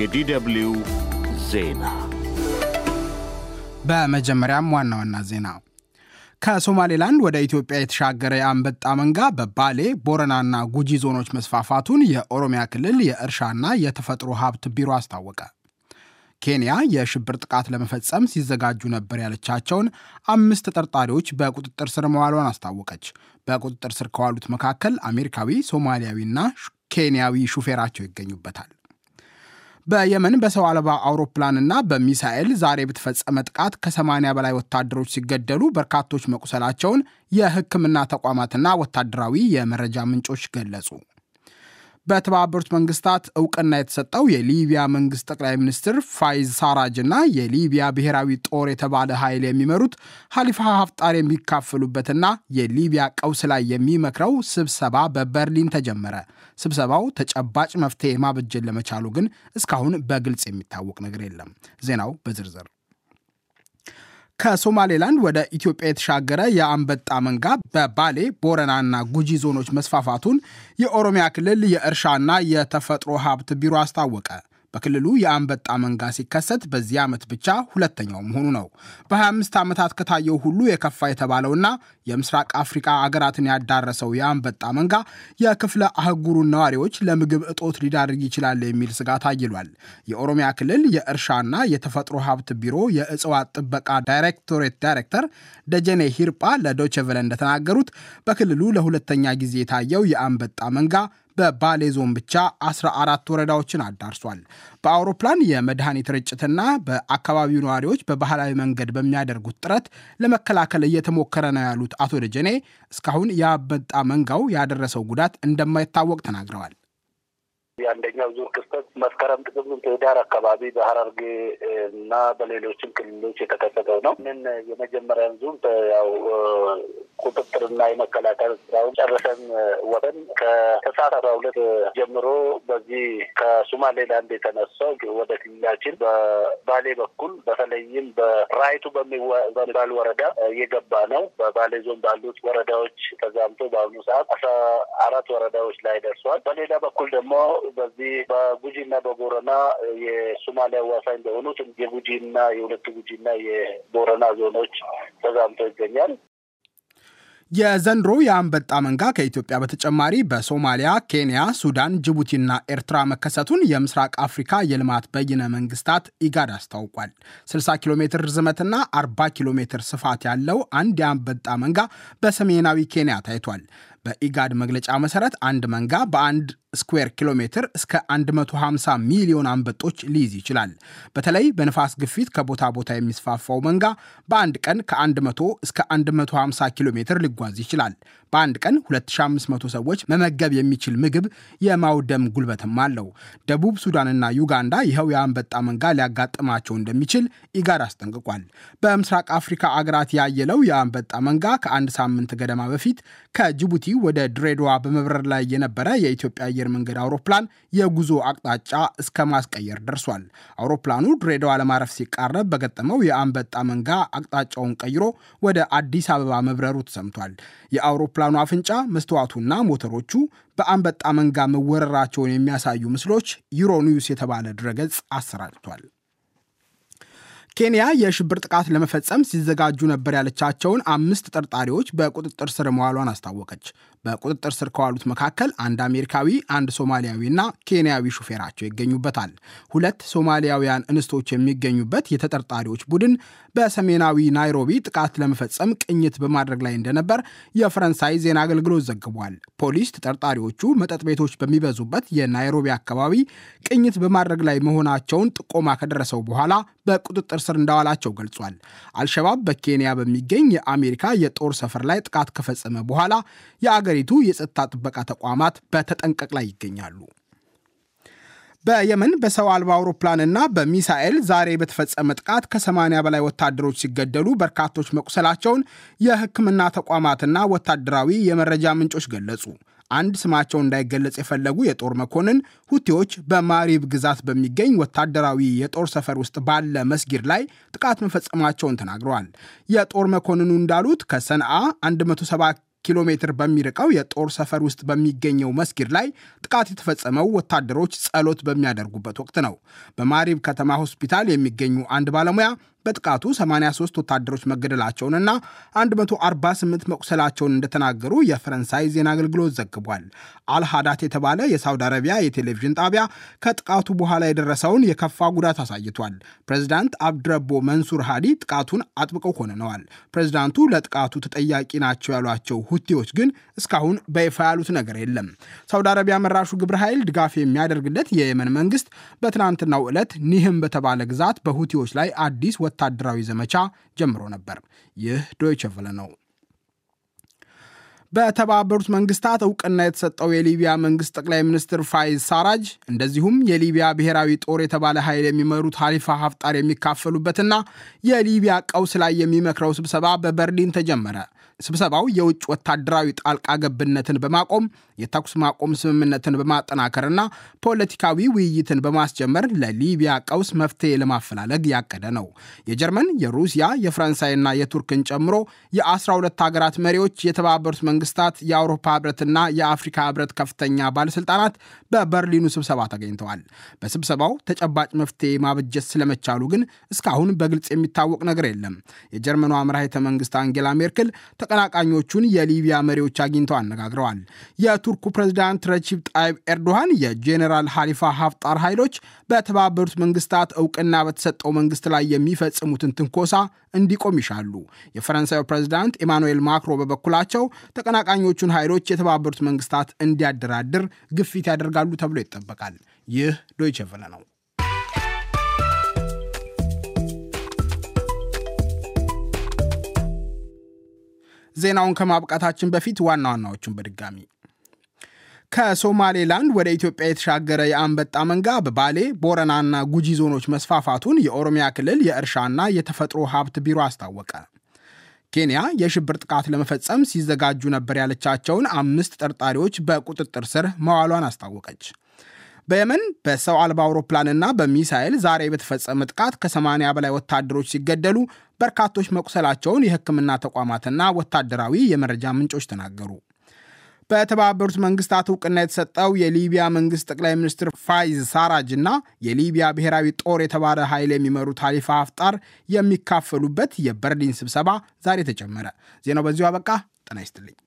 የዲደብልዩ ዜና። በመጀመሪያም ዋና ዋና ዜና ከሶማሌላንድ ወደ ኢትዮጵያ የተሻገረ የአንበጣ መንጋ በባሌ ቦረናና ጉጂ ዞኖች መስፋፋቱን የኦሮሚያ ክልል የእርሻና የተፈጥሮ ሀብት ቢሮ አስታወቀ። ኬንያ የሽብር ጥቃት ለመፈጸም ሲዘጋጁ ነበር ያለቻቸውን አምስት ተጠርጣሪዎች በቁጥጥር ስር መዋሏን አስታወቀች። በቁጥጥር ስር ከዋሉት መካከል አሜሪካዊ፣ ሶማሊያዊና ኬንያዊ ሹፌራቸው ይገኙበታል። በየመን በሰው አልባ አውሮፕላንና በሚሳኤል ዛሬ በተፈጸመ ጥቃት ከ80 በላይ ወታደሮች ሲገደሉ በርካቶች መቁሰላቸውን የሕክምና ተቋማትና ወታደራዊ የመረጃ ምንጮች ገለጹ። በተባበሩት መንግስታት እውቅና የተሰጠው የሊቢያ መንግስት ጠቅላይ ሚኒስትር ፋይዝ ሳራጅ እና የሊቢያ ብሔራዊ ጦር የተባለ ኃይል የሚመሩት ሀሊፋ ሀፍጣር የሚካፈሉበትና የሊቢያ ቀውስ ላይ የሚመክረው ስብሰባ በበርሊን ተጀመረ። ስብሰባው ተጨባጭ መፍትሄ ማበጀት ለመቻሉ ግን እስካሁን በግልጽ የሚታወቅ ነገር የለም። ዜናው በዝርዝር ከሶማሌላንድ ወደ ኢትዮጵያ የተሻገረ የአንበጣ መንጋ በባሌ ቦረናና ጉጂ ዞኖች መስፋፋቱን የኦሮሚያ ክልል የእርሻና የተፈጥሮ ሀብት ቢሮ አስታወቀ። በክልሉ የአንበጣ መንጋ ሲከሰት በዚህ ዓመት ብቻ ሁለተኛው መሆኑ ነው። በ25 ዓመታት ከታየው ሁሉ የከፋ የተባለውና የምስራቅ አፍሪካ አገራትን ያዳረሰው የአንበጣ መንጋ የክፍለ አህጉሩን ነዋሪዎች ለምግብ እጦት ሊዳርግ ይችላል የሚል ስጋት አይሏል። የኦሮሚያ ክልል የእርሻና የተፈጥሮ ሀብት ቢሮ የእጽዋት ጥበቃ ዳይሬክቶሬት ዳይሬክተር ደጀኔ ሂርጳ ለዶቸቨለ እንደተናገሩት በክልሉ ለሁለተኛ ጊዜ የታየው የአንበጣ መንጋ በባሌ ዞን ብቻ 14 ወረዳዎችን አዳርሷል። በአውሮፕላን የመድኃኒት ርጭትና በአካባቢው ነዋሪዎች በባህላዊ መንገድ በሚያደርጉት ጥረት ለመከላከል እየተሞከረ ነው ያሉት አቶ ደጀኔ እስካሁን የአንበጣ መንጋው ያደረሰው ጉዳት እንደማይታወቅ ተናግረዋል። የአንደኛው ዙር ክስተት መስከረም፣ ጥቅምት፣ ህዳር አካባቢ በሀረርጌ እና በሌሎችም ክልሎች የተከሰተው ነው። ምን የመጀመሪያን ዙር ያው እና የመከላከል ስራውን ጨርሰን ወተን ከተሳት አስራ ሁለት ጀምሮ በዚህ ላንድ የተነሳው ወደ ክልላችን በባሌ በኩል በተለይም በራይቱ በሚባል ወረዳ እየገባ ነው። በባሌ ዞን ባሉት ወረዳዎች ተዛምቶ በአሁኑ ሰዓት አስራ አራት ወረዳዎች ላይ ደርሷል። በሌላ በኩል ደግሞ በዚህ በጉጂና በቦረና የሶማሊያ አዋሳኝ በሆኑት የጉጂና የሁለቱ ጉጂና የቦረና ዞኖች ተዛምቶ ይገኛል። የዘንድሮ የአንበጣ መንጋ ከኢትዮጵያ በተጨማሪ በሶማሊያ፣ ኬንያ፣ ሱዳን፣ ጅቡቲና ኤርትራ መከሰቱን የምስራቅ አፍሪካ የልማት በይነ መንግስታት ኢጋድ አስታውቋል። 60 ኪሎ ሜትር ርዝመትና 40 ኪሎ ሜትር ስፋት ያለው አንድ የአንበጣ መንጋ በሰሜናዊ ኬንያ ታይቷል። በኢጋድ መግለጫ መሰረት አንድ መንጋ በአንድ ስኩዌር ኪሎ ሜትር እስከ 150 ሚሊዮን አንበጦች ሊይዝ ይችላል። በተለይ በንፋስ ግፊት ከቦታ ቦታ የሚስፋፋው መንጋ በአንድ ቀን ከ100 እስከ 150 ኪሎ ሜትር ሊጓዝ ይችላል። በአንድ ቀን 2500 ሰዎች መመገብ የሚችል ምግብ የማውደም ጉልበትም አለው። ደቡብ ሱዳንና ዩጋንዳ ይኸው የአንበጣ መንጋ ሊያጋጥማቸው እንደሚችል ኢጋድ አስጠንቅቋል። በምስራቅ አፍሪካ አገራት ያየለው የአንበጣ መንጋ ከአንድ ሳምንት ገደማ በፊት ከጅቡቲ ወደ ድሬዳዋ በመብረር ላይ የነበረ የኢትዮጵያ አየር መንገድ አውሮፕላን የጉዞ አቅጣጫ እስከ ማስቀየር ደርሷል። አውሮፕላኑ ድሬዳዋ ለማረፍ ሲቃረብ በገጠመው የአንበጣ መንጋ አቅጣጫውን ቀይሮ ወደ አዲስ አበባ መብረሩ ተሰምቷል። የአውሮፕላኑ አፍንጫ፣ መስተዋቱና ሞተሮቹ በአንበጣ መንጋ መወረራቸውን የሚያሳዩ ምስሎች ዩሮኒውስ የተባለ ድረገጽ አሰራጭቷል። ኬንያ የሽብር ጥቃት ለመፈጸም ሲዘጋጁ ነበር ያለቻቸውን አምስት ጠርጣሪዎች በቁጥጥር ስር መዋሏን አስታወቀች። በቁጥጥር ስር ከዋሉት መካከል አንድ አሜሪካዊ፣ አንድ ሶማሊያዊና ኬንያዊ ሹፌራቸው ይገኙበታል። ሁለት ሶማሊያውያን እንስቶች የሚገኙበት የተጠርጣሪዎች ቡድን በሰሜናዊ ናይሮቢ ጥቃት ለመፈጸም ቅኝት በማድረግ ላይ እንደነበር የፈረንሳይ ዜና አገልግሎት ዘግቧል። ፖሊስ ተጠርጣሪዎቹ መጠጥ ቤቶች በሚበዙበት የናይሮቢ አካባቢ ቅኝት በማድረግ ላይ መሆናቸውን ጥቆማ ከደረሰው በኋላ በቁጥጥር ስር እንዳዋላቸው ገልጿል። አልሸባብ በኬንያ በሚገኝ የአሜሪካ የጦር ሰፈር ላይ ጥቃት ከፈጸመ በኋላ የአገሪቱ የጸጥታ ጥበቃ ተቋማት በተጠንቀቅ ላይ ይገኛሉ። በየመን በሰው አልባ አውሮፕላንና በሚሳኤል ዛሬ በተፈጸመ ጥቃት ከ80 በላይ ወታደሮች ሲገደሉ በርካቶች መቁሰላቸውን የሕክምና ተቋማትና ወታደራዊ የመረጃ ምንጮች ገለጹ። አንድ ስማቸው እንዳይገለጽ የፈለጉ የጦር መኮንን ሁቲዎች በማሪብ ግዛት በሚገኝ ወታደራዊ የጦር ሰፈር ውስጥ ባለ መስጊድ ላይ ጥቃት መፈጸማቸውን ተናግረዋል። የጦር መኮንኑ እንዳሉት ከሰንአ 170 ኪሎ ሜትር በሚርቀው የጦር ሰፈር ውስጥ በሚገኘው መስጊድ ላይ ጥቃት የተፈጸመው ወታደሮች ጸሎት በሚያደርጉበት ወቅት ነው። በማሪብ ከተማ ሆስፒታል የሚገኙ አንድ ባለሙያ በጥቃቱ 83 ወታደሮች መገደላቸውንና 148 መቁሰላቸውን እንደተናገሩ የፈረንሳይ ዜና አገልግሎት ዘግቧል። አልሃዳት የተባለ የሳውዲ አረቢያ የቴሌቪዥን ጣቢያ ከጥቃቱ በኋላ የደረሰውን የከፋ ጉዳት አሳይቷል። ፕሬዚዳንት አብድረቦ መንሱር ሃዲ ጥቃቱን አጥብቀው ኮንነዋል። ፕሬዚዳንቱ ለጥቃቱ ተጠያቂ ናቸው ያሏቸው ሁቲዎች ግን እስካሁን በይፋ ያሉት ነገር የለም። ሳውዲ አረቢያ መራሹ ግብረ ኃይል ድጋፍ የሚያደርግለት የየመን መንግስት በትናንትናው ዕለት ኒህም በተባለ ግዛት በሁቲዎች ላይ አዲስ ወ ወታደራዊ ዘመቻ ጀምሮ ነበር። ይህ ዶይቸ ቨለ ነው። በተባበሩት መንግስታት እውቅና የተሰጠው የሊቢያ መንግስት ጠቅላይ ሚኒስትር ፋይዝ ሳራጅ እንደዚሁም የሊቢያ ብሔራዊ ጦር የተባለ ኃይል የሚመሩት ሀሊፋ ሀፍጣር የሚካፈሉበትና የሊቢያ ቀውስ ላይ የሚመክረው ስብሰባ በበርሊን ተጀመረ። ስብሰባው የውጭ ወታደራዊ ጣልቃ ገብነትን በማቆም የተኩስ ማቆም ስምምነትን በማጠናከርና ፖለቲካዊ ውይይትን በማስጀመር ለሊቢያ ቀውስ መፍትሄ ለማፈላለግ ያቀደ ነው። የጀርመን፣ የሩሲያ፣ የፈረንሳይና የቱርክን ጨምሮ የ12 ሀገራት መሪዎች፣ የተባበሩት መንግስታት፣ የአውሮፓ ህብረትና የአፍሪካ ህብረት ከፍተኛ ባለስልጣናት በበርሊኑ ስብሰባ ተገኝተዋል። በስብሰባው ተጨባጭ መፍትሄ ማበጀት ስለመቻሉ ግን እስካሁን በግልጽ የሚታወቅ ነገር የለም። የጀርመኗ መራሄተ መንግስት አንጌላ ሜርክል ተቀናቃኞቹን የሊቢያ መሪዎች አግኝተው አነጋግረዋል። የቱርኩ ፕሬዝዳንት ረጂብ ጣይብ ኤርዶሃን የጄኔራል ሀሊፋ ሀፍጣር ኃይሎች በተባበሩት መንግስታት እውቅና በተሰጠው መንግስት ላይ የሚፈጽሙትን ትንኮሳ እንዲቆም ይሻሉ። የፈረንሳዩ ፕሬዝዳንት ኢማኑኤል ማክሮ በበኩላቸው ተቀናቃኞቹን ኃይሎች የተባበሩት መንግስታት እንዲያደራድር ግፊት ያደርጋሉ ተብሎ ይጠበቃል። ይህ ዶይቸ ቨለ ነው። ዜናውን ከማብቃታችን በፊት ዋና ዋናዎቹን በድጋሚ ከሶማሌላንድ ወደ ኢትዮጵያ የተሻገረ የአንበጣ መንጋ በባሌ ቦረናና ጉጂ ዞኖች መስፋፋቱን የኦሮሚያ ክልል የእርሻና የተፈጥሮ ሀብት ቢሮ አስታወቀ። ኬንያ የሽብር ጥቃት ለመፈጸም ሲዘጋጁ ነበር ያለቻቸውን አምስት ጠርጣሪዎች በቁጥጥር ስር መዋሏን አስታወቀች። በየመን በሰው አልባ አውሮፕላንና በሚሳኤል ዛሬ በተፈጸመ ጥቃት ከ80 በላይ ወታደሮች ሲገደሉ በርካቶች መቁሰላቸውን የሕክምና ተቋማትና ወታደራዊ የመረጃ ምንጮች ተናገሩ። በተባበሩት መንግስታት እውቅና የተሰጠው የሊቢያ መንግስት ጠቅላይ ሚኒስትር ፋይዝ ሳራጅ እና የሊቢያ ብሔራዊ ጦር የተባለ ኃይል የሚመሩት ሀሊፋ ሀፍጣር የሚካፈሉበት የበርሊን ስብሰባ ዛሬ ተጀመረ። ዜናው በዚሁ አበቃ። ጤና ይስጥልኝ።